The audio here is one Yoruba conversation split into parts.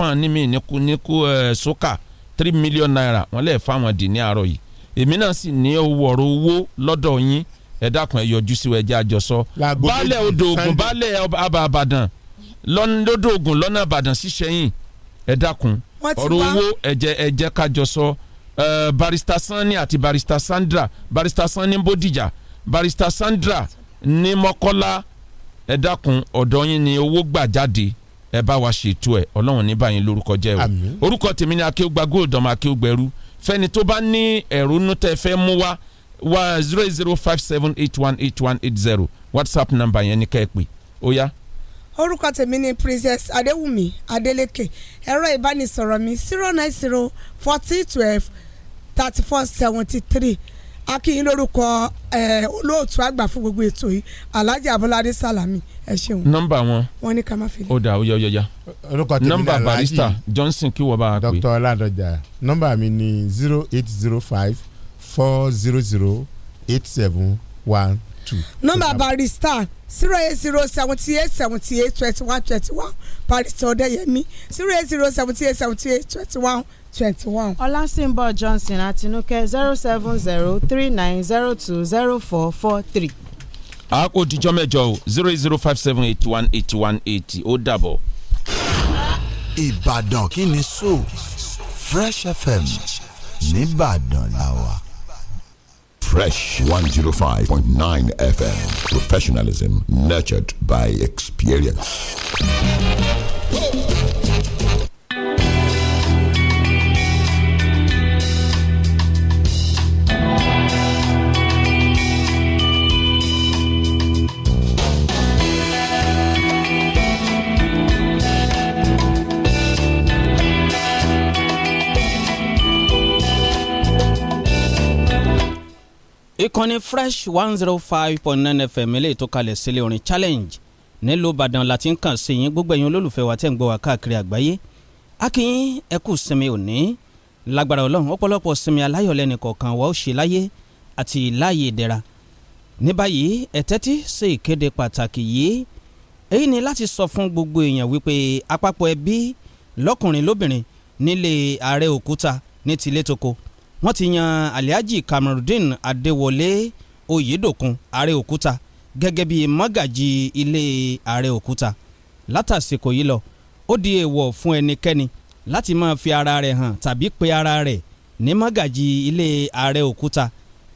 fún ní mi níkú níkú ẹ sókà three million naira wọn lè fáwọn dì ní àárọ̀ yìí èmi náà sì ní wọ̀rọ̀ owó lọ́dọ̀ yín ẹ dákun ẹ yọjú sí ẹjẹ àjọsọ baálẹ̀ odò ògùn baálẹ̀ àbà àbàdàn lọ́dọ̀ ògùn lọ́nà àbàdàn ṣiṣẹ́ yìn ẹ dákun ọ̀rọ̀ owó ẹjẹ ẹjẹ kájọsọ barista sanni àti barista sandra barista sanni bódìjà barista sandra ní mọ́kọ́lá ẹ dákun ọ̀dọ̀ yín ni owó gbà jáde ẹ bá wa ṣètò ẹ ọlọ́run ní báyìí lórúkọ jẹ́ o orúkọ tèmi ni akéwùgbà góòdù ọmọ akéwùgbẹ̀rú fẹ́ni tó bá ní ẹ̀rúnú tẹ́ fẹ́ mú wá wá zero zero five seven eight one eight one eight zero whatsapp number yẹn ni ká ẹ pè ó yá. orúkọ tèmi ni princess adéwùmí adélékè ẹ̀rọ ìbánisọ̀rọ̀ mi zero nine zero forty twelve thirty four seventy three akínyìn lórúkọ eh, olóòtú àgbà fún gbogbo ètò yìí alhaji abolade salami ẹ ṣeun. nọ́mbà wọn wọn ní ká má fi lè. ó dà ó yọ yọya nọ́mbà barista johnson kí wọ́n bá a pè. dr ọládọjà nọ́mbà mi ni zero eight zero five four zero zero eight seven one two. nọ́mbà barista zero eight zero seventy eight seventy eight twenty one twenty one barista ọ̀dẹ́yẹmí zero eight zero seventy eight seventy eight twenty one twenty one. ọlásìnbọ̀ johnson àtinúkẹ́ zero seven zero three nine zero two zero four four three. a kò dijọ́ mẹ́jọ o zero eight zero five seven eight one eight one eight ó dàbọ̀. ìbàdàn kí ni so fresh fm nìbàdàn la wà. fresh one zero five point nine fm professionalism nurtured by experience. ìkànnì fresh one zero oh five point nine fm eléyìí tó kalẹ̀ orin challenge nílùú ìbàdàn láti ń kàn sí yín gbogbo ẹ̀yin olólùfẹ́ wa tẹ́ ń gbọ́ wa káàkiri àgbáyé akínyín ẹ kú sinmi òní lágbára ọlọ́run ọ̀pọ̀lọpọ̀ sinmi aláyọ̀lẹ́ nìkọ̀ọ̀kan wa ó ṣe láyé àti láàyè ìdẹ̀ra ní báyìí ẹ tẹ́tí sí ìkéde pàtàkì yìí èyí ni láti sọ fún gbogbo èèyàn wípé àpapọ̀ ẹbí lọ́kùnrin lóbìnrin nílé ààrẹ òkúta ní tilé wọ́n ti yan Alhaji Kamarudin Adéwọlé Oyèdòkun Aréòkúta gẹ́gẹ́ bíi mágàjì ilé Aréòkúta látàsìkò yìí lọ ó di èèwọ̀ fún ẹnikẹ́ni láti máa fi ara rẹ̀ hàn tàbí pe ara rẹ̀ ní mágàjì ilé Aréòkúta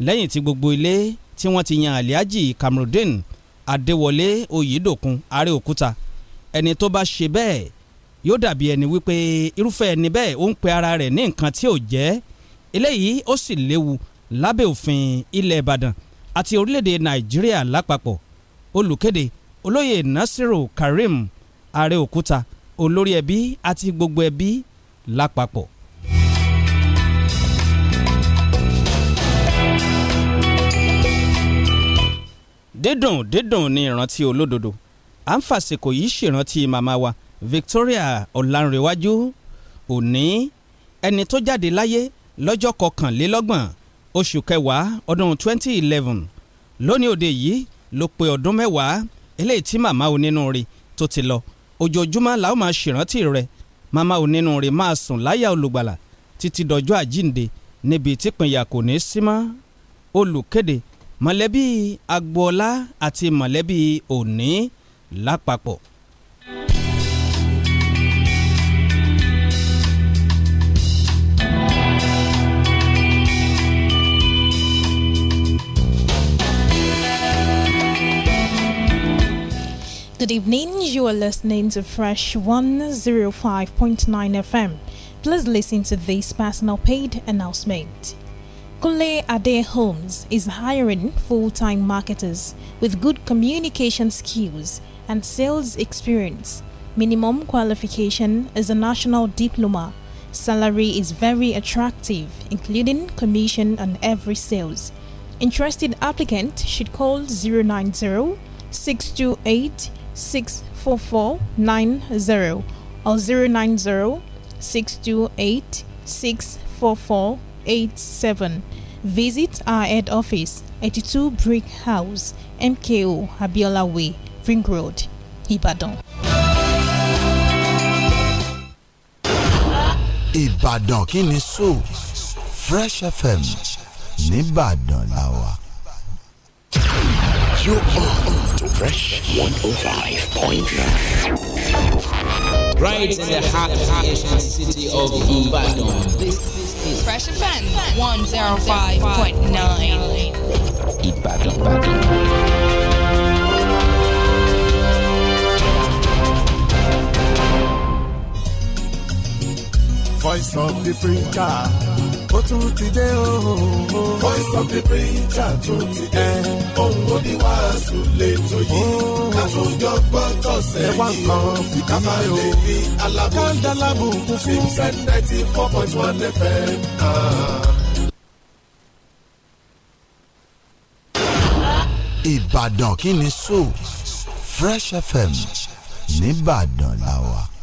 lẹ́yìn tí gbogbo ilé tí wọ́n ti yan Alhaji Kamarudin Adéwọlé Oyèdòkun Aréòkúta ẹni tó bá ṣe bẹ́ẹ̀ yóò dàbí ẹni wípé irúfẹ́ ẹni bẹ́ẹ̀ ó ń pe ara rẹ̀ ní nǹkan tí ò jẹ́ eléyìí ó sì léwu lábẹ́ òfin ilẹ̀ ìbàdàn àti orílẹ̀-èdè nàìjíríà lápapọ̀ olùkéde olóyè nasiru karim areokuta olórí ẹbí àti gbogbo ẹbí lápapọ̀. dídùn dídùn ni ìrántí olódodo à ń fàsìkò yìí ṣèrántí màmá wa Victoria Ọlánrewájú òní ẹni tó jáde láyé lọ́jọ́ kọkànlélọ́gbọ̀n oṣù kẹwàá ọdún 2011 lónìí òde yìí ló pé ọdún mẹ́wàá eléyìí tí màmá onínúure tó ti lọ ojoojúmọ́ la ó máa ṣèrántí rẹ̀ màmá onínúure máa sùn láyà olùgbàlà títí dọjọ́ àjínde níbi típínyà kò ní sí mọ́ olùkéde mọ̀lẹ́bí agboola àti mọ̀lẹ́bí òní lápapọ̀ Good evening, you are listening to Fresh 105.9 FM. Please listen to this personal paid announcement. Kule Ade Homes is hiring full time marketers with good communication skills and sales experience. Minimum qualification is a national diploma. Salary is very attractive, including commission on every sales. Interested applicant should call 090 628 64490 or 090 628 64487. Visit our head office, 82 Brick House, MKO, Abiola Way, Ring Road, Ibadan. Ibadan kini so Fresh FM nìbàdàn làwà. You are Fresh 105.9. Right in the heart of the Asian city of Ibadan. This is Fresh Offense 105.9. Ibadan. Ibadan. Voice of the preacher. ó tún ti dé o. voice of the preacher tún ti dé ohun oníwàásù lè tó yí oh. àtúnjọ gbọ́ tọ̀sẹ̀ yìí o ká máa lè ní alábòókù six hundred ninety four point one fm. Ah. Ìbàdàn kí ni so Fresh FM nìbàdàn làwà.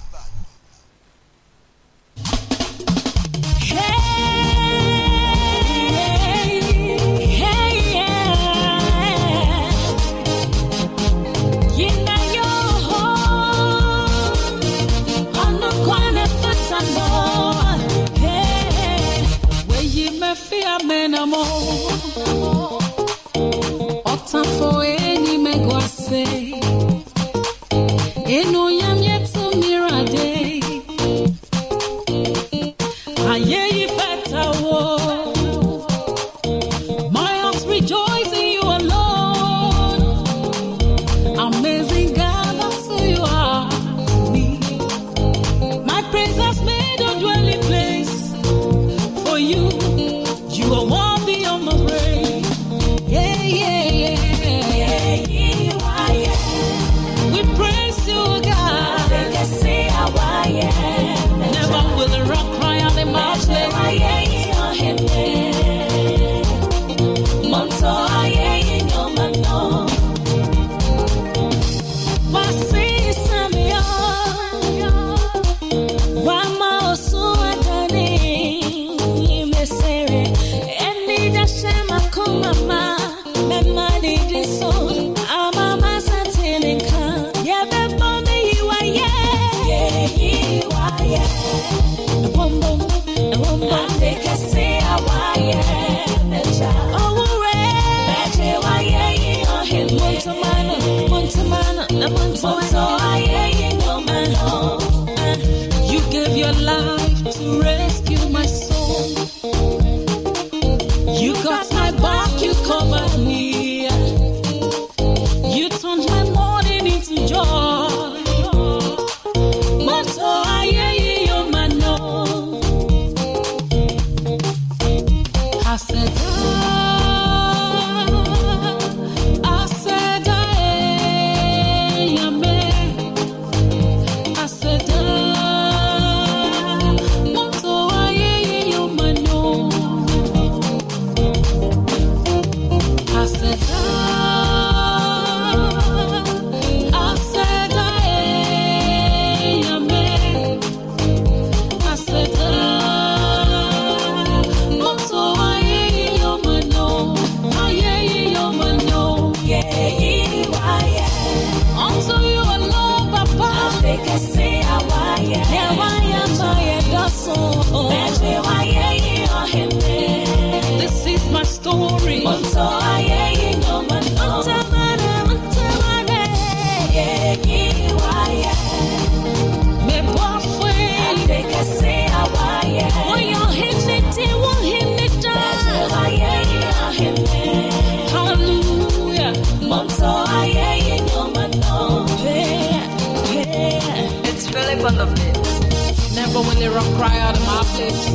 But when they run cry out of my place,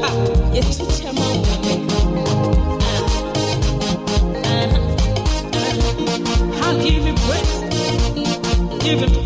ah, you teach them all. I'll give you praise, give you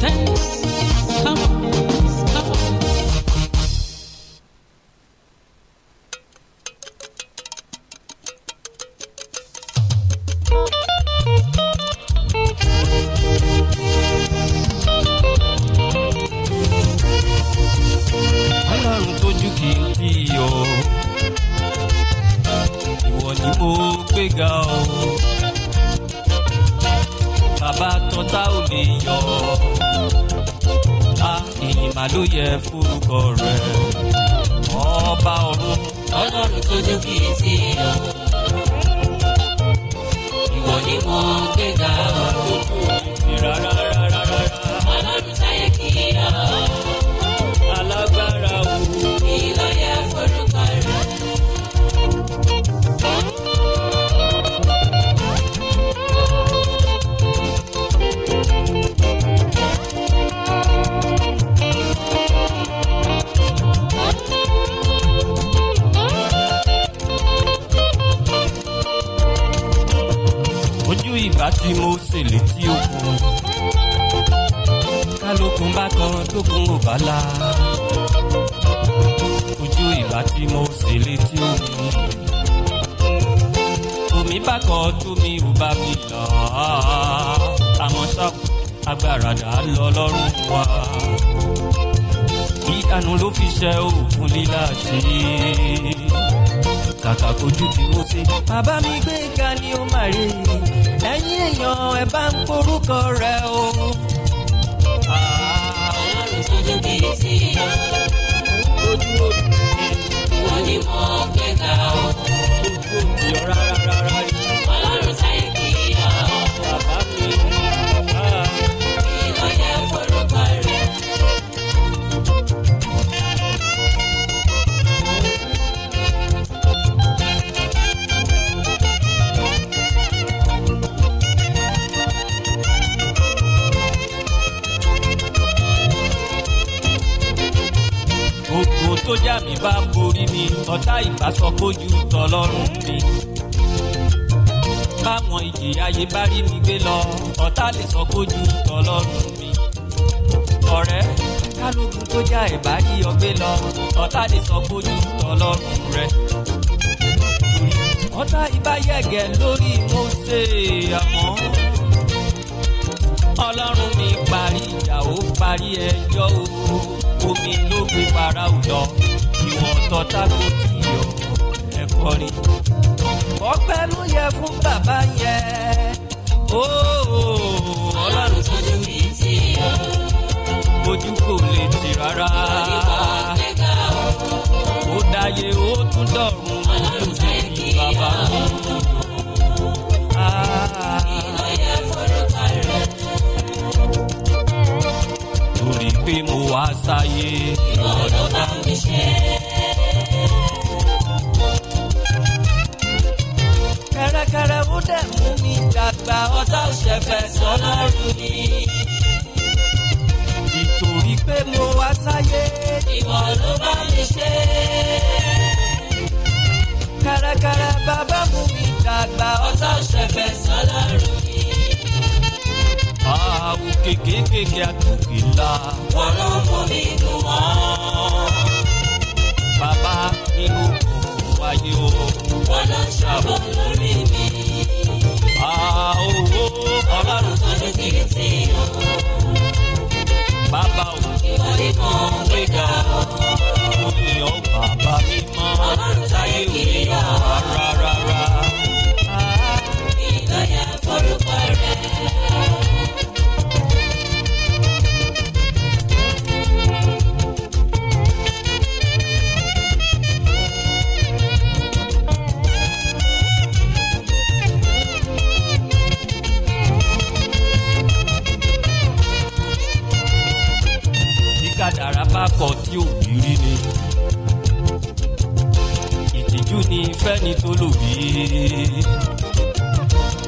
ẹ̀yin èèyàn ẹ bá ń porúkọ rẹ̀ o. ọlọ́run tójú kiri sí i ìwọ ni mo gbé o. ojú òdì ọ̀rá rárá rárá. sójà mi bá borí mi ọ̀tá ìgbà sọ kójú tọlọ́run mi. báwọn ìjì ayé bá rí mi gbé lọ ọ̀tá lè sọ tọlọ́run mi. ọ̀rẹ́ kálógun tó já ẹ̀ bá rí ọ gbé lọ ọ̀tá lè sọ kójú tọlọ́run rẹ ọ̀tá ibà yẹ̀gẹ̀ lórí Mósè àmọ́ ọlọ́run mi parí ìjà ó parí ẹjọ́ o omi ló gbé para ò lọ ìwọ̀n tọ́ta kò kì í yọ ẹ̀kọ́ rí. ọpẹ́ ló yẹ fún bàbá yẹn ọlọ́run tójú mi ti yọ. ojú kò lè tì rárá. ó dáyé ó tún dọ̀run. ọlọ́run tẹ́ kí yọ. sáyé. ìrọ̀rọ̀ bá mi ṣe. kẹ̀rẹ̀kẹ̀rẹ̀ ó dẹ̀ mú mi dàgbà ọ̀tá òṣèfẹ́ sọlọ́run ni. nítorí pé mo wá sáyé. ìwọ ló bá mi ṣe. kẹ̀rẹ̀kẹ̀rẹ̀ bàbá mú mi dàgbà ọ̀tá òṣèfẹ́ sọlọ́run awùkè kéékèèké àtòkè la. wọn ló ń bomi dùn wọn. bàbá nínú òkú wáyé o. wọn ló ń ṣàbò lórí mi. àwòwò ọlọ́run tó ní kiri tí o. bàbá o. ìwọ ni mo ń gbé ga o. mo ní bàbá mi mọ́. ọlọ́run táyé òye yà. rárá rárá. fẹ́ni tó lò bí.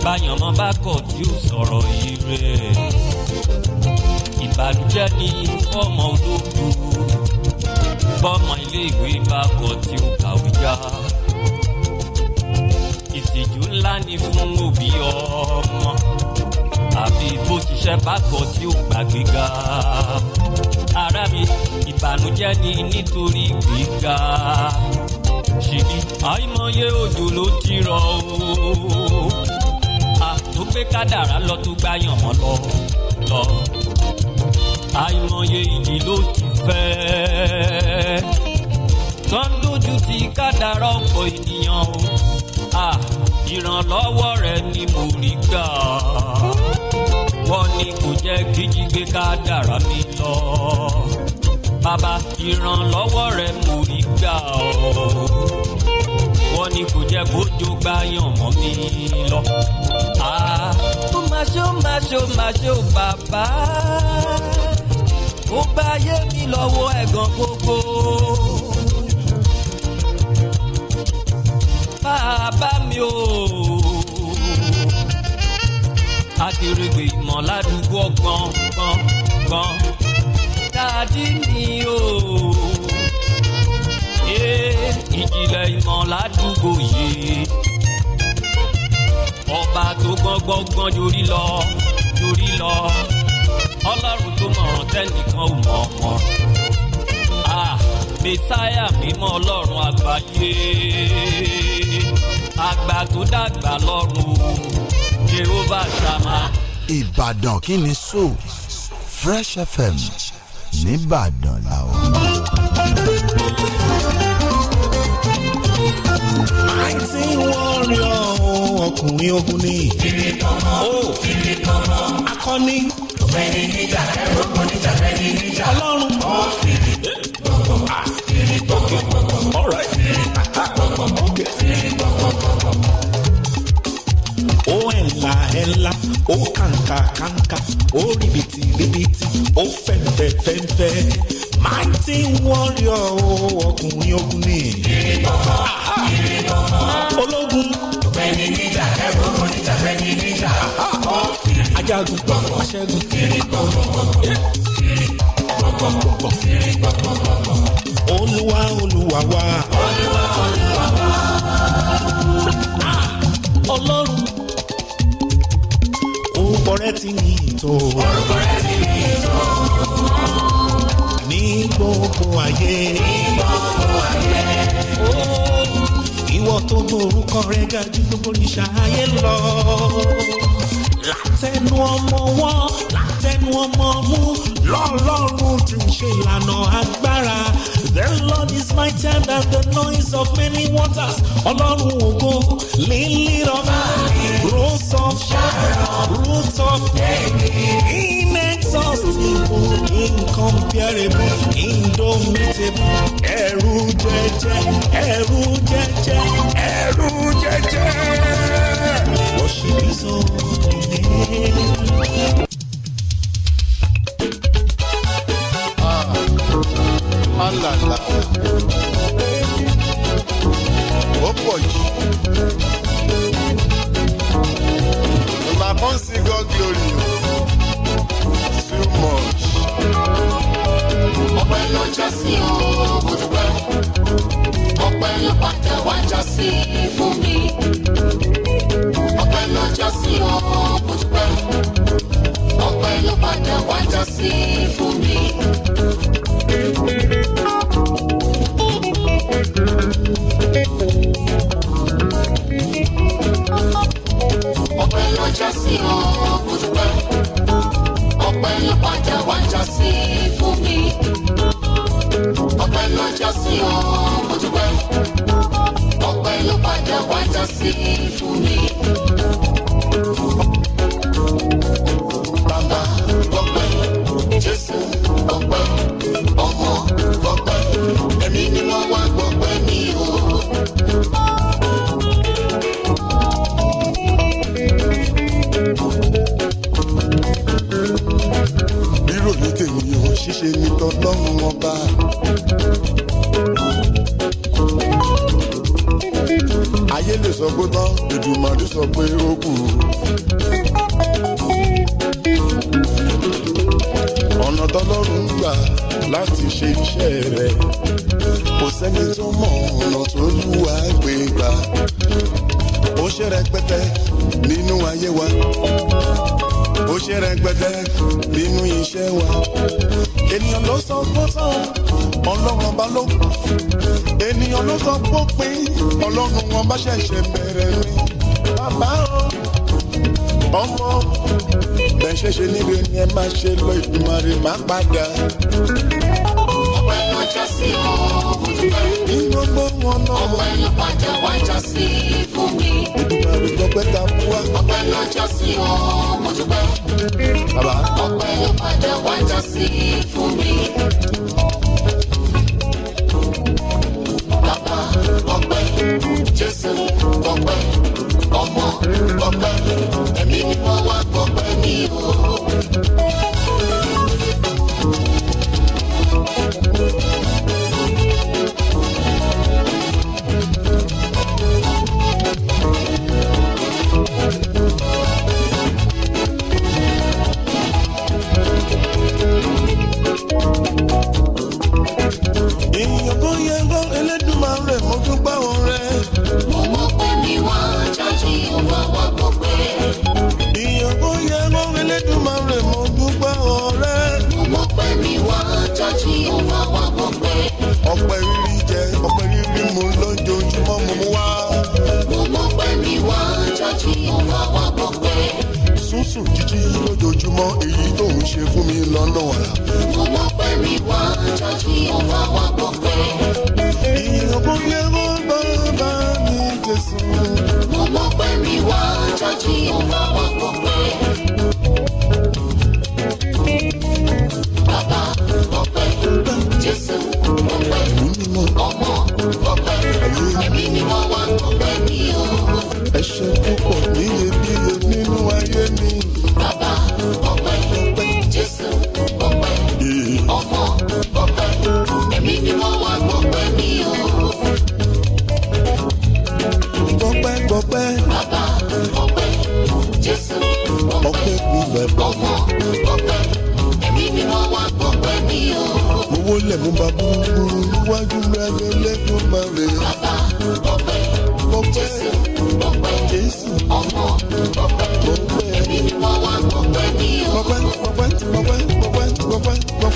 báyọ̀ mọ́ bá kọ̀ tí ó sọ̀rọ̀ yìí rẹ̀. ìbànújẹ́ ni fọ́mọ olóògbé bọ́mọ iléèwé bá kọ̀ tí ó kàwé já. ìtìjú ńlá ni fún òbí ọmọ àbí bó ṣiṣẹ́ bá kọ̀ tí ó gbàgbéga. ara mi ìbànújẹ́ ni nítorí gbígbà ṣìkì àìmọye òjò ló ti rọ̀ o àtó gbé kádàrá lọ tó gbá yànmọ́ lọ lọ àìmọye ìdí ló ti fẹ́ tó ń dojú ti kádàrá ọ̀pọ̀ ènìyàn o ìrànlọ́wọ́ rẹ̀ ni mo rí gbà wọ́n ní kò jẹ́ kíjígbé kádàrá mi lọ bàbá ìrànlọ́wọ́ rẹ mò ń gbà ọ́ wọ́n ní kò jẹ́ kójó gbá yàn mọ́ mi lọ. ó máa ṣe ó máa ṣe ó máa ṣe ó bàbá ó bá yé mi lọ́wọ́ ẹ̀gàn gbogbo. bàbá mi ò akérègbè ìmọ̀ ládùúgbò gbọ̀ngbọ̀ngbọ̀n dádì mi o. ìjìnlẹ̀ ìmọ̀ ládùúgbò yìí ọba tó gbọ́ngbọ́ngbọ́n yorí lọ yorí lọ ọlọ́run tó mọ̀ràn tẹ́nìkan ò mọ̀ mọ̀ mẹsáyà mímọ́ ọlọ́run àgbáyé àgbà tó dàgbà lọ́run Jehovah Shammah. Ìbàdàn kí ni so Fresh FM nìbàdàn làwọn. àìsí wọn rí ọ̀hún ọkùnrin ogun ni. kiri tọmọ kiri tọmọ. akọni. bẹ́ẹ̀ni níjà ẹ̀rọ kan níjà bẹ́ẹ̀ni níjà. ọlọ́run. ó fìdí gbọ̀ngàn. fìdí gbọ̀ngàn. ọ̀rẹ́. fìdí gbọ̀ngàn. ok. fìdí gbọ̀ngàn ó ẹ̀la ẹ̀la ó kàǹkà kàǹkà ó ríbìtì ríbìtì ó fẹ̀fẹ̀ fẹ́fẹ́ mighty warrior ọkùnrin ogun ni. ìrì gbọ́ngàn ìrì gbọ́ngàn ológun. ọ̀gbẹ́ni níjà ẹ̀gbọ́n níjà ọ̀gbẹ́ni níjà ó kiri. ajagun aṣẹ́gun. ìrì gbọ́ngàn ìrì gbọ́ngàn ìrì gbọ́ngàn. olúwa olúwa wa. olúwa olúwa wa. Ah, ọlọ́run orúkọ rẹ ti ní ìtò. orúkọ rẹ ti ní ìtò. ní gbogbo ayé. ní gbogbo ayé. ìwọ tó gbórúkọ rẹ ga jù gbogbo lọ. látẹnu ọmọ wọn látẹnu ọmọ mú lọ́lọ́run ti ń ṣe ìlànà agbára. The Lord is my time and the noise of many waters. Ọlọ́run ògo lílì rọ́bà. rose of Sharon. Roots of David. Jesus incomparable indomitable ẹ̀rù jẹjẹ ẹ̀rù jẹjẹ ẹ̀rù jẹjẹ. Worship his holy name. Ah, alala ó pọ̀ jù ìgbà kan glory very much. ọpẹ́ ló jẹ́ sí owó dúpẹ́ ọpẹ́ ló pàtẹ wá já sí fún mi ọpẹ́ ló jẹ́ sí owó dúpẹ́ ọpẹ́ ló pàtẹ ọpẹ́ ló padà wá já sí fún mi ọpẹ́ ló já sí ọ dúpẹ́ ọpẹ́ ló padà wá já sí fún mi. mọ̀rì má padà. ọpẹ́ ló jẹ́ sí olùfẹ́. ní gbogbo wọn náà. ọpẹ́ ló bàjẹ́ wá jẹ́ sí fún mi. mọ̀rì gbọ́pẹ́ ta fún wa. ọpẹ́ ló jẹ́ sí olùfẹ́. bàbá. ọpẹ́ ló bàjẹ́ wá jẹ́ sí fún mi. èèyàn tó yẹ ń gbọ́ Elédùmarè mo tún gbà jésù jíjí lójoojúmọ́ èyí tó ń ṣe fún mi lọ́nà wàrà. mo mọ̀ pé mi wá jọ́jú ọba wa gbọ́ pé. ìyàwó yẹ̀wò bàbá mi jésù. mo mọ̀ pé mi wá jọ́jú ọba wa gbọ́ pé.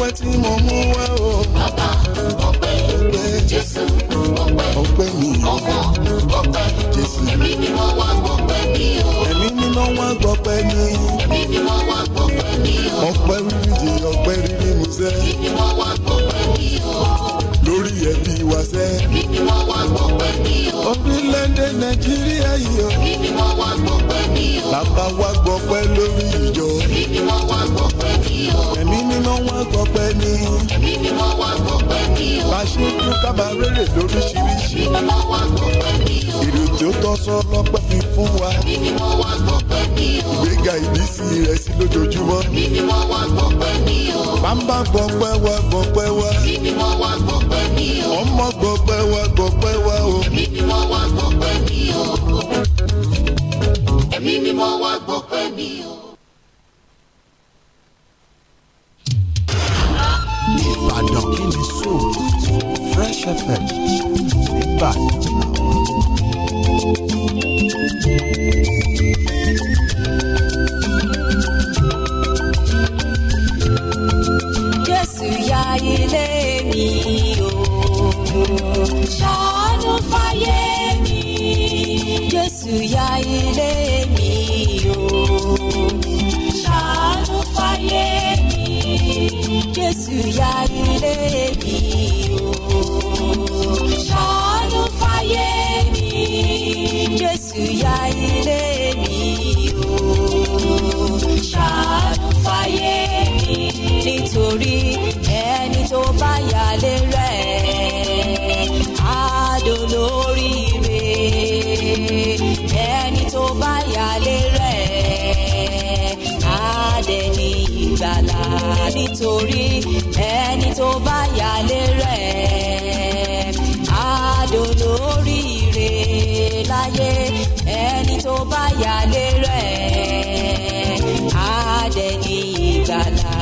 ọpẹ́ tí mo mú wá o. bàbá ọpẹ́ jésù ọpẹ́ ọpẹ́ mi ọmọ ọpẹ́ jésù ni mímọ́ wá gbọpẹ́ mi o. ẹ̀mí mo wá gbọpẹ́ mi. ẹ̀mí mo wá gbọpẹ́ mi o. ọpẹ́ rírí jẹ ọpẹ́ rírí mu sẹ. ẹ̀mí mo wá gbọpẹ́ mi o. lórí ẹbí wa sẹ. ẹ̀mí mímọ́ wá gbọpẹ́ mi o. orílẹ̀-èdè nàìjíríà yìí o. ẹ̀mí mo wá gbọpẹ́ mi o. bàbá wa gbọpẹ́ lórí. tọpẹ ni. ẹ̀mí ni mo wá tọpẹ ni o. bá a ṣe kú ká máa rere lóríṣiríṣi. ẹ̀mí ni mo wá tọpẹ ni o. èrè tí ó tọ́ sọ lọ́pẹ́ fi fún wa. ẹ̀mí ni mo wá tọpẹ ni o. ìgbéga ìbísí rẹ̀ sí lójoojúmọ́. ẹ̀mí ni mo wá tọpẹ ni o. bàbá gbọpẹ́ wa gbọpẹ́ wa. ẹ̀mí ni mo wá tọpẹ ni o. ọmọ gbọpẹ́ wa gbọpẹ́ wa o. ẹ̀mí ni mo wá tọpẹ ni o. ẹ̀mí ni mo wá gbọpẹ́ ni o. fresh fm nígbàdàn àwọn. jésù ya ilé mi o ṣàánú fáyé jésù ya ilé mi o ṣàánú jésù ya ilé mi ṣàánú fáyé mi Jésù ya ilé mi o ṣàánú fáyé mi nítorí ẹni tó bá yálé rẹ̀ adolóríire ẹni tó bá yálé rẹ̀ adẹni ìgbàlà nítorí ẹni tó bá yálé dolóríire láyé ẹni tó bá yálé rẹ̀ á dẹ̀ ní ìgbàlá.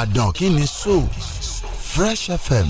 Ìbàdàn kí ni so Fresh FM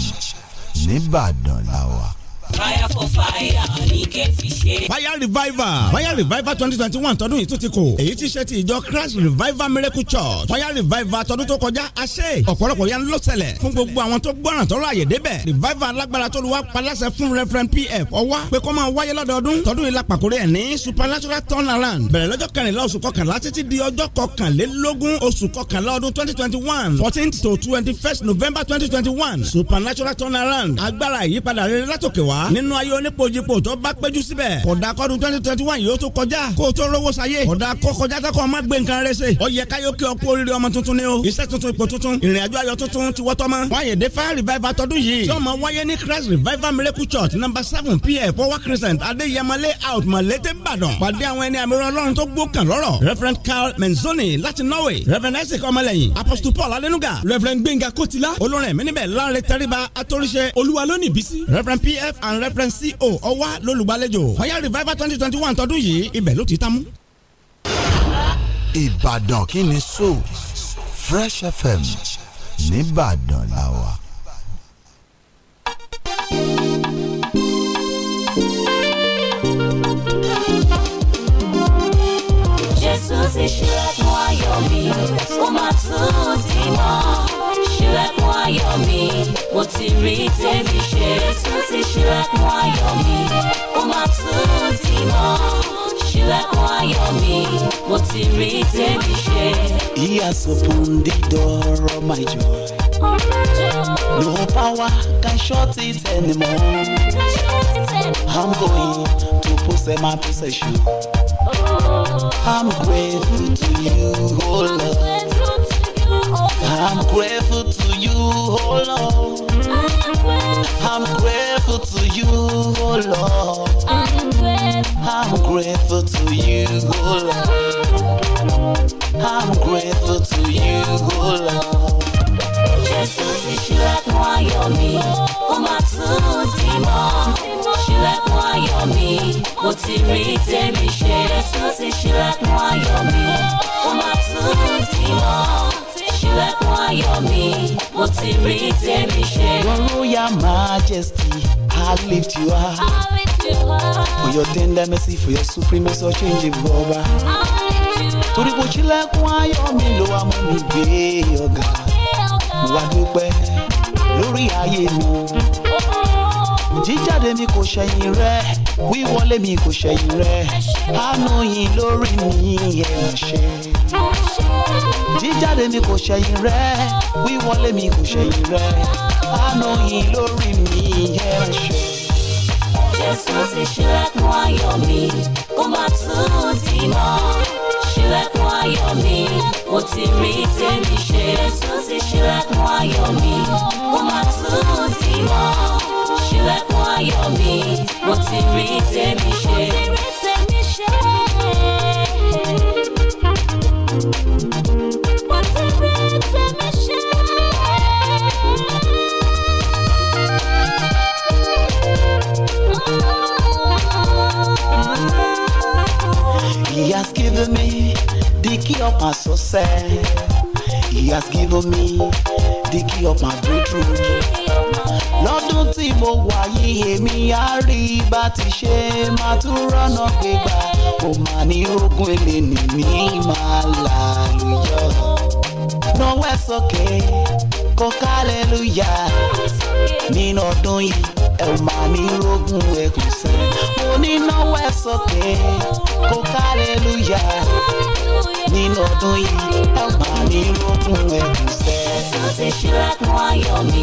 nìbàdàn làwà. fire for fire ni fire revival fire revival twenty twenty one tọdún yìí tún ti kò èyí ti ṣe ti ìjọ christ revival miracle church fire revival tọdún tó kọjá àṣẹ ọ̀pọ̀lọpọ̀ yẹn ló ṣẹlẹ̀ fún gbogbo àwọn tó gbọ́ràn tọ́lọ́ àyè débẹ̀ revival alágbára tó lu wá paláṣẹ fún referent pf ọwá pé kó máa wáyé lọ́dọọdún tọdún yìí la pàkórí ẹ̀ ní supernatural turnaround bẹ̀rẹ̀ lọ́jọ́ kẹrìnlá oṣù kọkànlá títí di ọjọ́ kọkànlélógún oṣù kọkànlá ọdún twenty twenty one fourteen to twenty first november twenty twenty one supernatural turnaround agbára ìyípadà rere látòkè wá nínú ayé onípojípo tó bá péjú síbẹ̀ kódà kọ́dún twenty twenty one yóò tó kọjá kó o tó rówó sáyé kódà kó kọjá tó kọ́ ọ má gbé nǹkan rẹ ṣe ọ yẹ káyọ̀ kí ọ kú oríire ọmọ tuntun ni o iṣẹ́ tuntun ipò tuntun ìrìn àjò ayọ̀ tuntun ti wọ́tọ́ mọ́ wáyé dé fire revival tọdún yìí tí ó máa wáyé ní Christ revival miracle church number seven pf power crescent adéyẹmọlé out mọ̀lẹ́tẹ̀ ìbàdàn pàdé àwọn ẹni àmì ọlọ́run tó gbó kàn lọ́rọ̀ reverend Carl Menzoni láti Norway reverend Isaac ọmọlẹ́yìn apostle Paul alenuga reverend Benga kotila olórin ẹ̀mí níbẹ̀ láre tẹ́ríba atóríṣe olúwa lónìí bísí reverend pf and reverend co ọwá lólùg gbàlejò ọ̀yá revival twenty twenty one tọdún yìí ibẹ̀ ló ti tán mú. ìbàdàn kí ni so fresh fm nìbàdàn la wà. jésù ti ṣe ẹ̀kún ayọ̀ mi ó máa tún ti mọ́ ṣílẹ̀kùn ayọ̀ mi mo ti rí tèmi ṣe tó ti ṣílẹ̀kùn ayọ̀ mi ó máa tún dì mọ́ ṣílẹ̀kùn ayọ̀ mi mo ti rí tèmi ṣe. He has opened the door of my joy. No power can shut it anymore. I'm going to possess my possession. I'm grateful to you, oh Lord. I'm grateful to you, oh Lord. I'm grateful to you, oh Lord. I'm grateful to you, oh Lord. I'm grateful to you, oh Lord. Jésus, ṣílẹ̀kùn ayọ̀ mi, ó máa tún ti mọ́. Ṣílẹ̀kùn ayọ̀ mi, mo ti rí tèmi ṣe. me. Jesus ṣílẹ̀kùn ayọ̀ mi, ó máa tún ti mọ́. ilẹ̀kùn ayọ̀ mi mo ti rí tèmi ṣe. your royal majesty I lift you up. I lift you up. for your tender mercy for your supremacy unchangeable ọba. torí kò ṣílẹ̀kùn ayọ̀ mi ló wá mú mi gbé ọ̀gá. mo wá dúpẹ́ lórí ayé mi jíjáde mi kò ṣẹ̀yìn rẹ wíwọlé mi kò ṣẹ̀yìn rẹ àánú yìí lórí mi ẹ mà ṣe. jíjáde mi kò ṣẹ̀yìn rẹ wíwọlé mi kò ṣẹ̀yìn rẹ àánú yìí lórí mi ẹ mà ṣe. Jésù ti ṣílẹ̀kùn ayọ̀ mi kó má tún ti mọ́ ṣílẹ̀kùn ayọ̀ mi mo ti rí tèmi ṣe Jésù ti ṣílẹ̀kùn ayọ̀ mi kó má tún ti mọ́ ilẹ̀kùn ayọ̀ mi mo ti rí tèmi ṣe. Mo ti rí tèmi ṣe. He has given me the key of my success. He has given me the key of my breakthrough lọ́dún tí mo wà yìí èmi á rí bá ti ṣe máa tún rọ́nà gbégbá kò mà ní ogun èlé ní mi máa lálùyọ. náwó ẹ̀ sókè kó kálẹ́lúyà nínú ọdún yìí ẹ ò máa ní ogun ẹkùn sẹ́. mo ní náwó ẹ̀ sókè kó kálẹ́lúyà nínú ọdún yìí ẹ ò máa ní ogun ẹkùn sẹ́. Jésù ti ṣílẹ̀kùn ayọ̀ mi.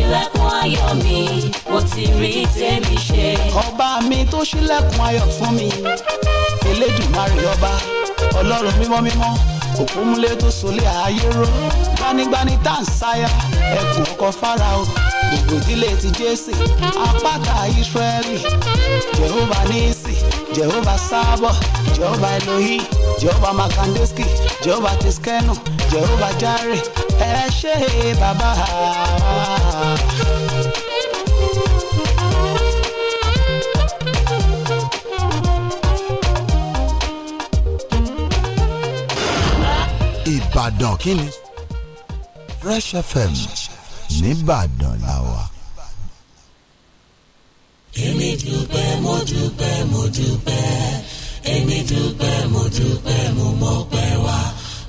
ṣílẹ̀kùn ayọ̀ mi mo ti rí tèmi ṣe. ọba mi tó ṣílẹ̀kùn ayọ̀ fún mi elédùnmarè ọba ọlọ́run mímọ́ mímọ́ òkúńlé tó solé ayé ró gbanigbani tá à ń sáyà ẹkùn ọkọ̀ fáráò gbogbo ìdílé ti jésì apáta ìsírẹ́lì jehova nisi jehova sábọ̀ jehova elohi jehova makandeski jehova tiskenu jehova jare ẹ ṣe bàbá. Ìbàdàn kí ni Fresh FM. Fresh FM nìbàdàn la wà. èmi dúpẹ́ mo dúpẹ́ mo dúpẹ́ èmi dúpẹ́ mo dúpẹ́ mo mọpẹ́ wá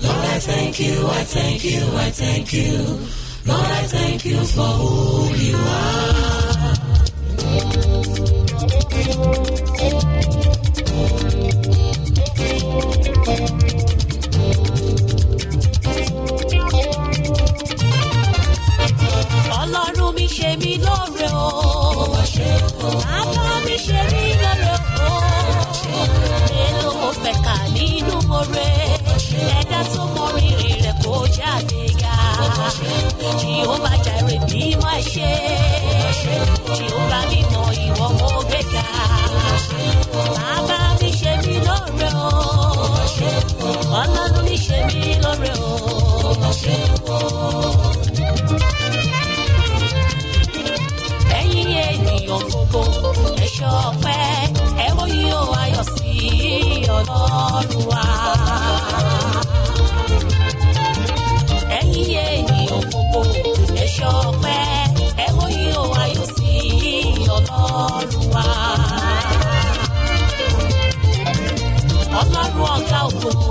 Lord I thank you I thank you I thank you Lord I thank you for who you are. Thank you. àbámiṣeré lọ́rọ̀ o èlò mo fẹ́ kà nínú oore ẹ̀dá tó mọ rírì rẹ̀ kó jáde ga tí ó bá jàre bí má ṣe tí ó bá mímọ ìwọ o ọlọ́run mi ṣe mí o. ayọ̀ gbogbo ẹ̀ṣọ́ ọpẹ́ ẹ wo yìí ó ayọ̀ sí ọlọ́run wa. ẹ̀yin ènìyàn gbogbo ẹ̀ṣọ́ ọpẹ́ ẹ wo yìí ayọ̀ sí ọlọ́run wa. ọlọ́run ọ̀gá ògo.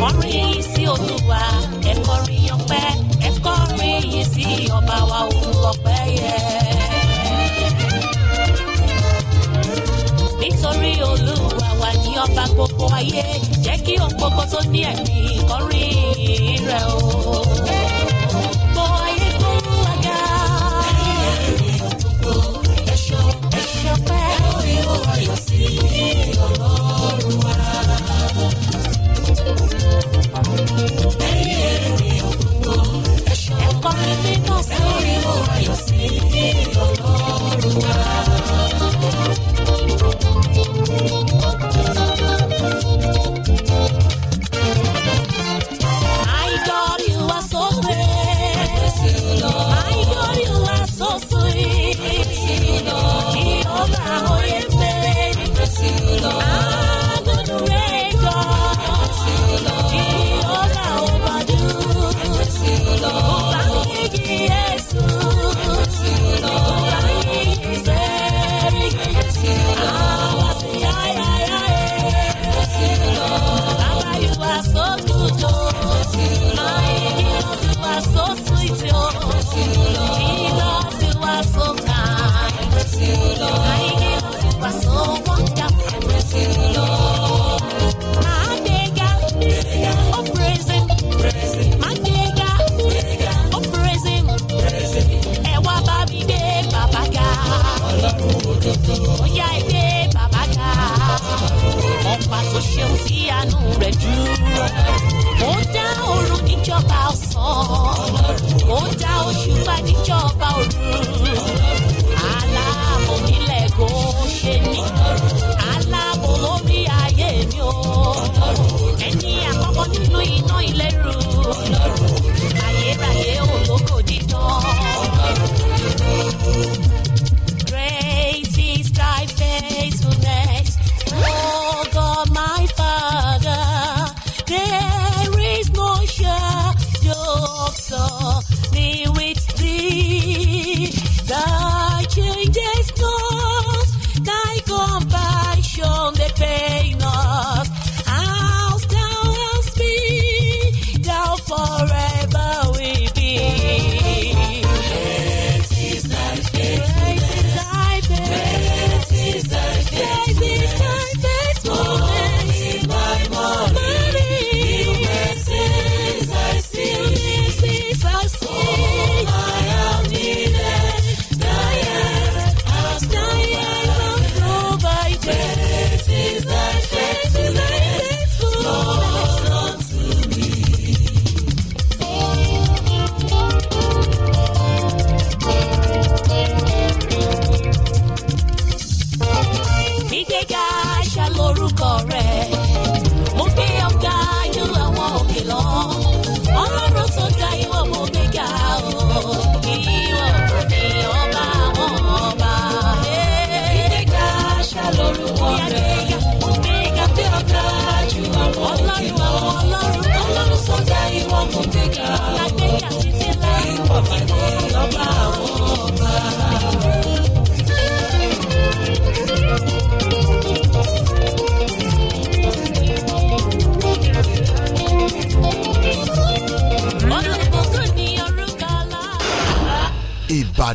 kọrin sí olúwa ẹ kọrin ọpẹ́ ẹ kọrin yìí sí wa olùkọpẹ yẹ. nítorí olúwa wà ní ọba gbogbo ayé jẹ́ kí ohun gbogbo tó ní ẹ̀mí kọrin rẹ̀ ga. ẹ̀rí ẹ̀rí ọ̀tún kò ẹ̀ṣọ́ ẹ̀ṣọ́ pẹ́. ẹ̀rí ó wáyọ̀ ọ̀sẹ̀ orí wo you're i.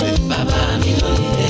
Baba, mi ló nílé.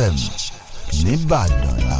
FM nìbàdàn la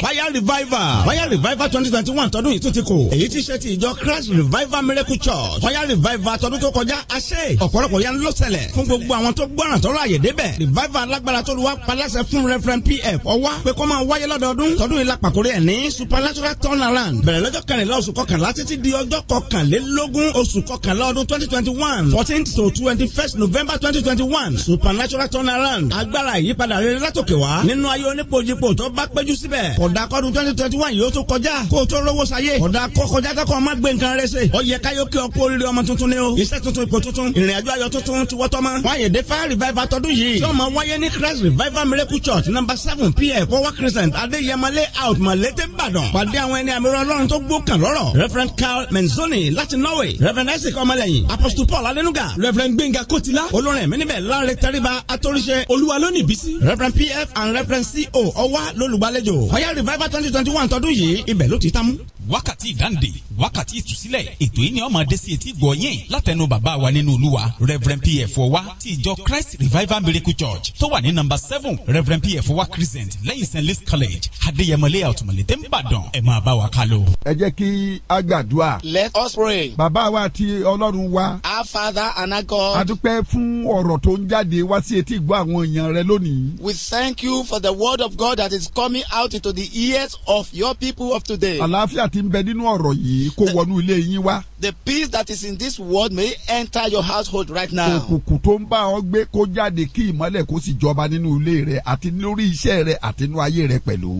fire revival fire revival twenty twenty one tọdún yìí tún ti kò èyí ti ṣe ti ìjọ christ revival miracle church fire revival tọdún tó kọjá àṣẹ ọ̀pọ̀lọpọ̀ yẹn ló ṣẹlẹ̀ fún gbogbo àwọn tó gbọ́ràn tọ́lọ́ àyè débẹ̀ revival alágbára tó lu wa paláṣẹ fún referent pf ọwá pé kó máa wáyé lọ́dọọdún tọdún yìí la pàkórí ẹ̀ ní supernatural turnaround bẹ̀rẹ̀ lọ́jọ́ kẹrìnlá oṣù kọkànlá títí di ọjọ́ kọkànlélógún oṣù kọkànlá ọdún twenty twenty one fourteen to twenty first november twenty twenty one supernatural turnaround agbára ìyípadà rere látòkè wá nínú ayé onípojípo tó bá péjú síbẹ̀ kódà kọ́dún twenty twenty one yóò tó kọjá kó o tó rówó sayé kódà kó kọjá kọ́kọ́ má gbé nǹkan rẹ ṣe. ó yẹ káyọ̀ kí ọkú oríire ọmọ tuntun ni o iṣẹ́ tuntun ipò tuntun ìrìn àjò ayọ̀ tuntun ti wọ́tọ́ mọ́. wáyé dé fire revival tọdún yìí tí ó máa wáyé ní Christ revival miracle church number seven pf power crescent adéyẹmọlé out malete Ìbàdàn pàdé àwọn ẹni àmì ọlọ́run tó gbó kan lọ́rọ̀ Reverend Carl Menzoni láti Norway Reverend Isaac ọmọlẹ́yìn Apostle Paul alenuga Reverend Gbẹ̀ngà Kotila olórin ẹ̀mí níbẹ̀ láre tẹ́ríba atóríṣe olúwa lónìí bísí Reverend pf and Reverend co ọwá lólùgbàlejò ọ̀yá revival twenty twenty one tọdún yìí ibẹ̀ ló ti tán mú wákàtí ìdáǹdè wákàtí ìtúsílẹ̀ ètò yìí ni ó máa dé etí gbọ̀ yín látẹnu bàbá wa nínú olúwa reverend pf ọwa ti ìjọ christ revival miracle church tó wà ní number seven reverend pf ọwa crescent lẹ́yìn st louis college adéyẹmọlẹ́ àtùmọ̀lẹ́tẹ̀ ńbàdàn ẹ máa bá wa ká lọ. ẹ jẹ́ kí a gbàdúrà. let us pray. bàbá wa ti ọlọ́run wa. our father and our God. a dúpẹ́ fún ọ̀rọ̀ tó ń jáde wá sí etí gbọ́ àwọn èèyàn rẹ lónìí. we thank you for the word of God that is coming out into the ears of your people of today. àlàáfíà ti ń bẹ nínú ọ̀rọ̀ yìí kó wọnú ilé yín wá. the peace that is in this world may enter your household right now. òkùnkùn tó ń bá ọ gbé kó jáde kí ìmọ́lẹ̀ kó sì jọba nínú ilé rẹ àti lórí iṣẹ́ rẹ àti inú ayé rẹ pẹ̀lú.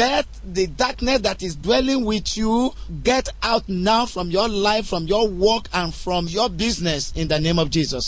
let the darkness that is dwelling with you get out now from your life from your work and from your business in the name of Jesus.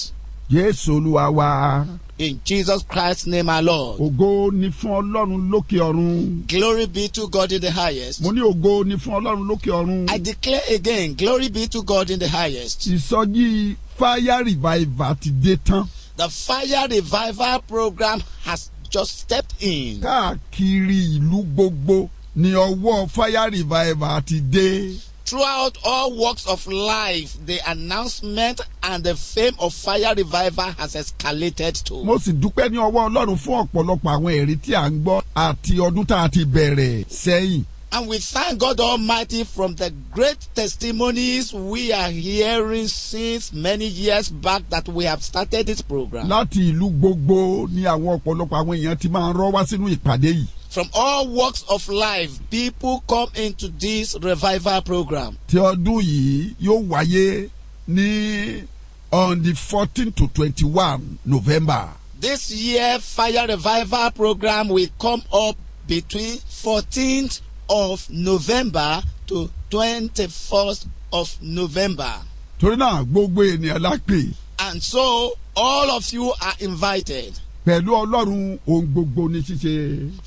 Jésù Olúwa wa. In Jesus Christ's name our Lord. Ògo ni fún Ọlọ́run lókè ọ̀run. Glory be to God in the highest. Mo ní ògo ni fún Ọlọ́run lókè ọ̀run. I declare again, glory be to God in the highest. Ìsọjí fire revival ti dé tán. The fire revival program has just stepped in. Káàkiri ìlú gbogbo ni ọwọ́ fire revival ti dé. Throughout all walks of life, the announcement and the fame of fire Reviver has escalated to. Mo sì dúpẹ́ ní ọwọ́ Ọlọ́run fún ọ̀pọ̀lọpọ̀ àwọn èrè tí à ń gbọ́ àti ọdún tá a ti bẹ̀rẹ̀ sẹ́yìn. And we thank God Almighty from the great testimonies we are hearing since many years back that we have started this program. Láti ìlú gbogbo ni àwọn ọ̀pọ̀lọpọ̀ àwọn èèyàn ti máa ń rọ́ wá sínú ìpàdé yìí. From all walks of life, people come into this revival program. Ti ọdún yìí yóò wáyé ní on the fourteen to twenty-one November. This year fire revival program will come up between fourteenth of November to twenty-first of November. Torí náà gbogbo ènìyàn la pè. And so all of you are invited pẹ̀lú ọlọ́run ohun gbogbo ni ṣíṣe.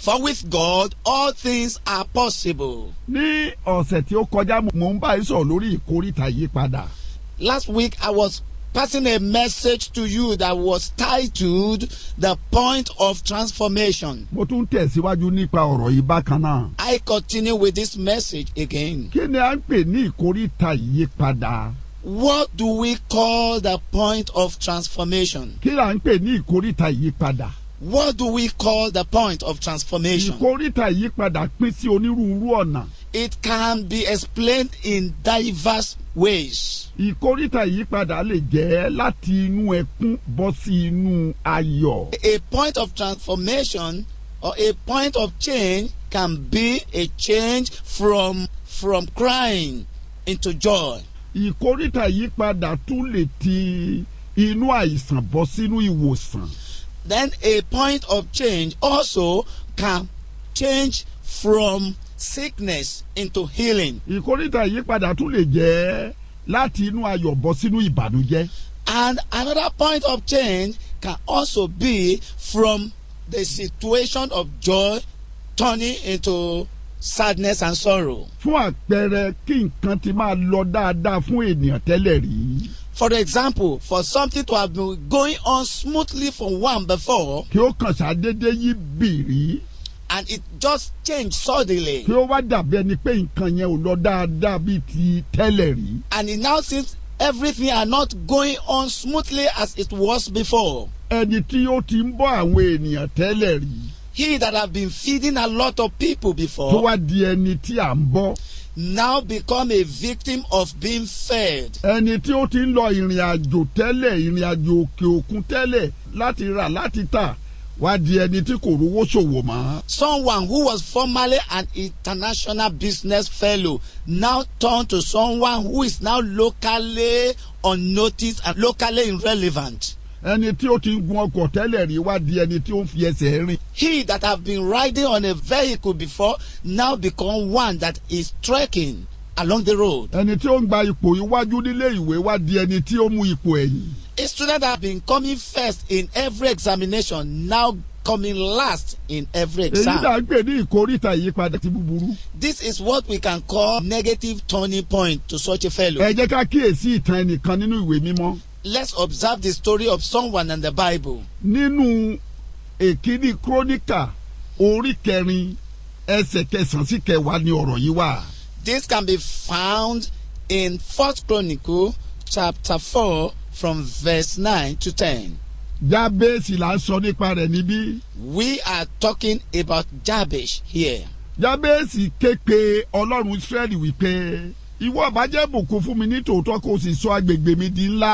for with God all things are possible. ní ọ̀sẹ̀ tí ó kọjá mò ń bá yín lórí ìkórìtà yípadà. last week I was passing a message to you that was titled the point of transformation. mo tún tẹ̀síwájú nípa ọ̀rọ̀ yìí bákan náà. I continue with this message again. kí ni a ń pè ní ìkórìtà yípadà. What do we call the point of transformation? Kí là ń pè ní ìkóríta ìyípadà? What do we call the point of transformation? Ìkóríta ìyípadà pín sí onírúurú ọ̀nà. It can be explained in diverse ways. Ìkóríta ìyípadà lè jẹ́ láti inú ẹkún bọ́ sí inú ayọ̀. A point of transformation or a point of change can be a change from from crying into joy ìkórìtà yípadà tún lè ti inú àìsàn bọ́ sínú ìwòsàn. Then a point of change also can change from sickness into healing. ìkórìtà yípadà tún lè jẹ́ láti inú ayọ̀ bọ́ sínú ìbànújẹ́. And another point of change can also be from the situation of joy turning into sadness and sorrow. fún àpẹẹrẹ kí nǹkan ti máa lọ dáadáa fún ènìyàn tẹ́lẹ̀ rí. for example for something to have been going on smoothly for one before. kí ó kàn ṣàdédé yí bìrì. and it just changed suddenly. kí ó wá dàbí ẹni pé nǹkan yẹn ò lọ dáadáa bíi ti tẹ́lẹ̀ rí. and it now seems everything are not going on smoothly as it was before. ẹni tí ó ti ń bọ́ àwọn ènìyàn tẹ́lẹ̀ rí. He that have been feeding a lot of people before. Tó wá di ẹni tí à ń bọ́. Now become a victim of being fed. Ẹni tí ó ti ń lọ ìrìn àjò tẹ́lẹ̀ ìrìn àjò òkè òkun tẹ́lẹ̀ láti rà láti tà wá di ẹni tí kò rówó ṣòwò mọ́. someone who was formerly an international business fellow now turned to someone who is now locally unnoticed and locally irrelevant ẹni tí ó ti gun ọkọ̀ tẹ́lẹ̀ rí wá di ẹni tí ó ń fi ẹsẹ̀ rìn. He that have been riding on a vehicle before now become one that is trekking along the road. ẹni tí ó ń gba ipò iwájú nílé ìwé wá di ẹni tí ó mú ipò ẹ̀yìn. A student that have been coming first in every examination now coming last in every exam. èyí náà gbé ní ìkórìtà ìyípadà ti búburú. This is what we can call negative turning point to such a fellow. ẹ jẹ́ ká kíyèsí ìtàn ẹnìkan nínú ìwé mímọ́ let's observe the story of someone in the bible. nínú èkíní kírónìkà orí kẹrin ẹsẹ̀ kẹsàn-án sí kẹwàá ni ọ̀rọ̀ yìí wà. this can be found in first chronicle chapter four from verse nine to ten. jábèsì là sọ nípa rẹ̀ níbí. we are talking about jabesh here. jábèsì ké pe ọlọ́run israẹli wípé ìwọ àbájẹ́ bùkún fún mi ní tòótọ́ kó o sì sọ agbègbè mi di ńlá.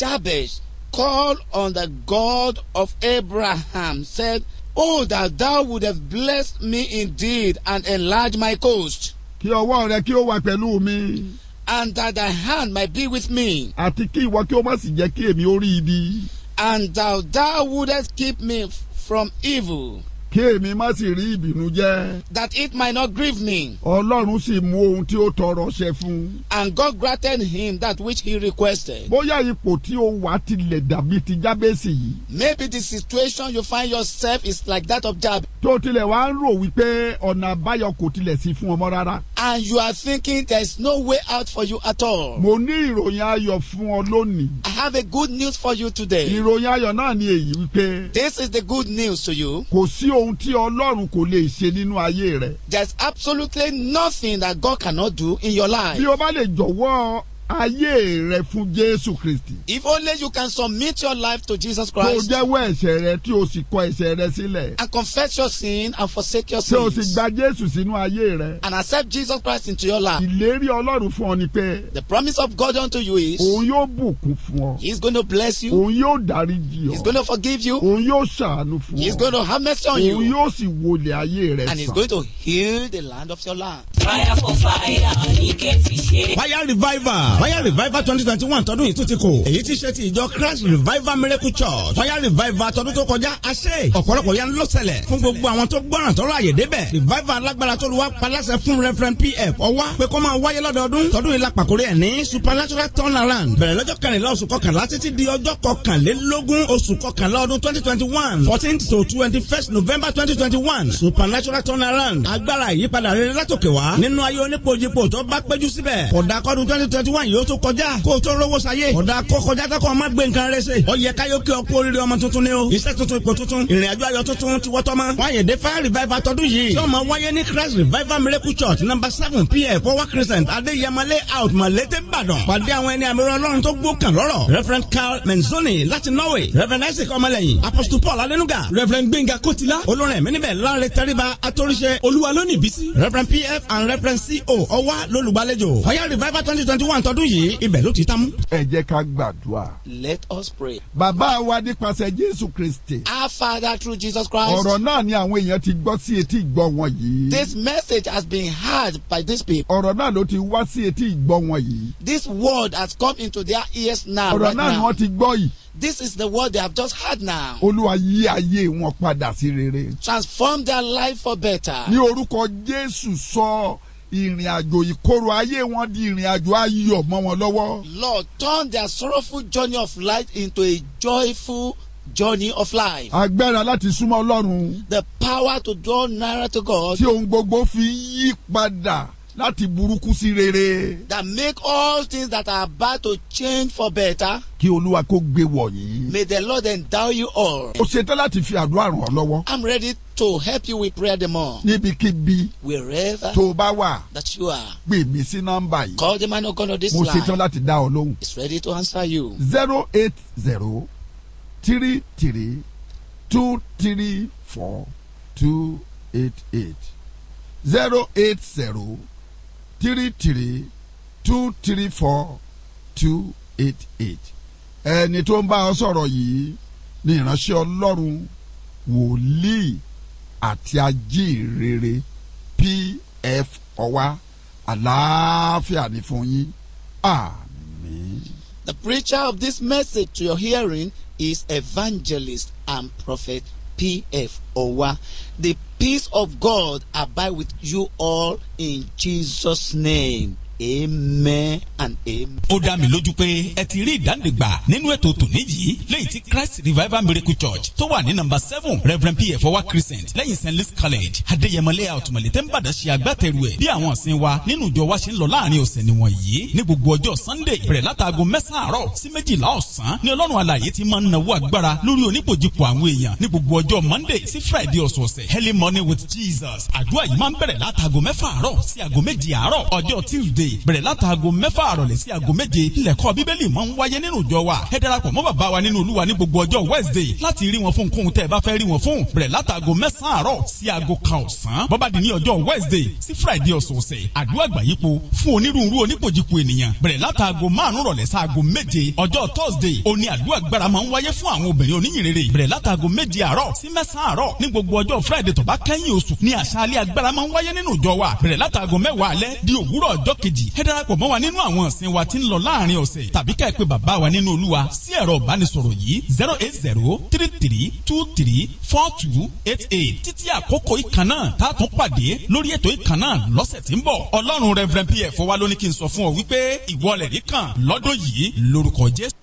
Jabez called on the God of Abraham said Oh, that thou would have blessed me indeed and enlarged my coast. Kí ọwọ́ rẹ kí ó wà pẹ̀lú mi. And that thy hand might be with me. Àti kí ìwọ kí ó má sì jẹ́ kí èmi ó rí ibi. And that thou wouldest keep me from evil kí èmi má sì rí ìbínú jẹ́. that it might not grieve me. ọlọ́run sì mú ohun tí ó tọrọ ṣẹ fún. and God granted him that which he requested. bóyá ipò tí ó wà tilẹ̀ dàbí ti jábèsì yìí. maybe the situation you find yourself is like that of Jabez. tó tilẹ̀ wá ń rò wípé ọ̀nà àbáyọ kò tilẹ̀ sí fún ọmọ rárá. and you are thinking there is no way out for you at all. mo ní ìròyìn ayọ̀ fún ọ lónìí. I have a good news for you today. ìròyìn ayọ̀ náà ni èyí wípé. this is the good news to you. kò sí o ohun tí ọlọ́run kò lè ṣe nínú ayé rẹ. there is absolutely nothing that God cannot do in your life. bí o bá lè jọ̀wọ́ ayé rẹ fún Jésù Kristi. If only you can submit your life to Jesus Christ. Kó jẹ́wọ́ ẹ̀ṣẹ̀ rẹ tí o sì kọ ẹ̀ṣẹ̀ rẹ sílẹ̀. And confess your sin and forsake your sins. Ṣé o sì gba Jésù sínú ayé rẹ? And accept Jesus Christ into your life. Ìlérí Ọlọ́run fún ọ ni pé. The promise of God unto you is. Òun yóò bùkún fún ọ. He is going to bless you. Òun yóò dáríjì ọ. He is going to forgive you. Òun yóò ṣàánú fún ọ. He is going to have mercy on you. Òun yóò sì wọlé ayé rẹ sàn. And he is going to heal the land of your land. Fire for fire, àníkẹ́ fi ṣe. Fire revival fire revival twenty twenty one tọdún yìí tún ti kù èyí ti ṣe ti ìjọ christ revival miracle church fire revival tọdún tó kọjá àṣẹ ọ̀pọ̀lọpọ̀ yẹn ló ṣẹlẹ̀ fún gbogbo àwọn tó gbọ́ràn tọ́rọ àyè débẹ̀ revival alágbára tó lu wá paláṣẹ fún referent pf ọwá pé kó máa wáyé lọ́dọọdún tọdún yìí la pàkórí ẹ̀ ní supernatural turnaround bẹ̀rẹ̀ lọ́jọ́ kẹrìnlá oṣù kọkànlá títí di ọjọ́ kọkànlélógún oṣù kọkànlá ọdún twenty twenty one fourteen to twenty first november twenty twenty one supernatural turnaround agbára ìyípadà rere látòkè wá nínú ayé onípojípo tó bá péjú síbẹ̀ kódà kọ́dún twenty twenty one ọgbọ́n yìí ó tó kọjá kó o tó rówó sayé ọ̀dà kó kọjá tó kọ́ ọ má gbé nǹkan rẹ ṣe ó yẹ káyọ̀ kí ọkú oríire ọmọ tuntun ni o iṣẹ́ tuntun ipò tuntun ìrìn àjò ayọ̀ tuntun ti wọ́tọ́ mọ́ wáyéde fire revival tọdún yìí tí ó máa wáyé ní Christ revival miracle church number seven pf power crescent adéyẹmọlé out malete Ìbàdàn pàdé àwọn ẹni àmì Ọlọ́run tó gbó kan lọ́rọ̀ Reverend Carl Menzoni láti Norway Reverend Isaac Ọmọlẹ́yìn Apostle Paul Alenuga Reverend Gbenga Kotila olórin ẹ̀mí níbẹ̀ Lanre Tẹ́ríba Atóríṣe Olúwa lónìí bísí Reverend pf and Reverend co ọwá lólùgbàlejò fire revival twenty twenty one tọ́ tọdún yìí ibẹ̀ ló ti tán. ẹ jẹ́ ká gbàdúrà. let us pray. bàbá wa nípasẹ̀ jésù kristi. our father through jesus christ. ọ̀rọ̀ náà ni àwọn èèyàn ti gbọ́ sí etí ìgbọ́ wọn yìí. this message has been heard by these people. ọ̀rọ̀ náà ló ti wá sí etí ìgbọ́ wọn yìí. this word has come into their ears now. ọ̀rọ̀ náà ni wọ́n ti gbọ́ yìí. This is the word they have just heard now. Olúwa yí ayé wọn padà sí rere. Transform their life for better. Ní orúkọ Jésù sọ. So ìrìn àjò ìkorò ayé wọn di ìrìn àjò ayọ̀ mọ́ wọn lọ́wọ́. Lord, turn their sorrowful journey of life into a joyful journey of life. agbára láti súnmọ́ Ọlọ́run. the power to draw nearer to God. tí ohun gbogbo fi yí padà láti burúkú sí rere. that make all things that are about to change for better. kí olúwa kó gbé wọ̀nyí. may the lord endow you all. o ṣetán láti fi àdúrà ràn ọ́ lọ́wọ́. i'm ready to help you with prayer the more. níbikíbi. wherever. tó o bá wà. that you are. pè mí sí nọ́mbà yìí. call the man of God on this line. mo ṣetán láti dá ọ lóhùn. he's ready to answer you. zero eight zero three three two three four two eight eight zero eight zero three three two three four two eight eight ẹni tó ń bá ọ sọ̀rọ̀ yìí ni ìránṣẹ́ ọlọ́run wòlíì àti ajíhìnrere pf ọwá àlàáfíà ni fún yín àmín. The preacher of this message to your hearing is evangelist and prophet P.F. Owa. The peace of God abide with you all in Jesus' name amen and amen. ó dá mi lójú pé ẹ ti rí ìdánidìgbà nínú ètò tòní yìí lẹ́yìn tí christ revival miracle church tó wà ní nọ́mbà seven reverend pf ọwa crescent lẹ́yìn st louis college adéyẹmọlẹ́ àtùmọ̀lẹ́ tẹ́ ń bàdá ṣe agbátẹrù ẹ̀ bí àwọn ọ̀sìn wa nínú ìjọ wa ṣe ń lọ láàrin ọ̀sẹ̀ nìwọ̀n yìí ní gbogbo ọjọ́ sunday bẹ̀rẹ̀ látàgọ́ mẹ́sàn-án àárọ̀ sí méjìlá ọ̀sán ní ọlọ́run alààyè ti máa ń nawó agbára lórí onípojìpọ̀ àwọn èèyàn ní gbogbo ọjọ́ monday sí friday ọ̀sọ̀ọ̀sẹ̀ early morning with jesus àdúrà yìí máa ń bẹ̀rẹ̀ látàgọ́ mẹ́fà àárọ̀ sí àgọ́ méjì àárọ̀ ọjọ́ tuesday Sunday bẹ̀rẹ̀ látàgò mẹ́fà àrọ̀lẹ́ sí àgò méje lẹ́kọ́ bíbélì máa ń wáyé nínú ìjọ wa ẹ darapọ̀ mọ́ bàbá wa nínú olúwa ní gbogbo ọjọ́ Wednesday láti rí wọn fún kóhun tẹ́ ẹ bá fẹ́ rí wọn fún bẹ̀rẹ̀ látàgò mẹ́sàn-án àárọ̀ sí àgò kan ọ̀sán bọ́bá di ní ọjọ́ Wednesday sí Friday ọ̀sọ̀ọ̀sẹ̀ àdúrà gbàyípo fún onírúurú oníkojìpo ènìyàn bẹ̀rẹ̀ látàgò márùn-ún rọ̀lẹ́ Thursday òní àdúrà gbára máa ń wáyé fún àwọn obìnrin oníyìnrere bẹ̀rẹ̀ látàgò méje àárọ̀ sí mẹ́sàn-án àárọ̀ ní Friday tó bá kẹ́yìn oṣù ní àṣálẹ́ agbára máa ń wáyé nínú ìjọ wa bẹ̀rẹ̀ látàgò mẹ́wàá alẹ́ di méjèèjì ẹ darapọ̀ mọ́ wa nínú àwọn ọ̀sìn wa tí ń lọ láàrin ọ̀sẹ̀ tàbí ká ẹ pè bàbá wa nínú olúwa sí ẹ̀rọ ìbánisọ̀rọ̀ yìí zero eight zero three three two three four two eight eight títí àkókò ìkan náà tá a tún pàdé lórí ètò ìkan náà lọ́sẹ̀ tí ń bọ̀ ọlọ́run reverend pf wa ló ní kí n sọ fún ọ wípé ìwọ kan lọ́dún yìí lórúkọ jésù.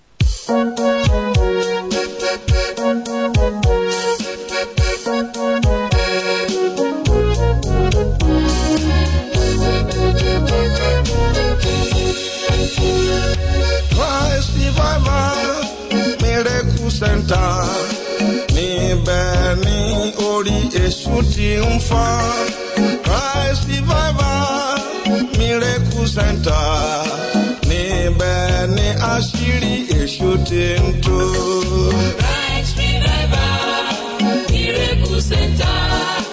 Èṣù ti Christ Revival Miracle Center níbẹ̀ ni àṣírí èṣù ti ń tú. Christ Revival Miracle Center.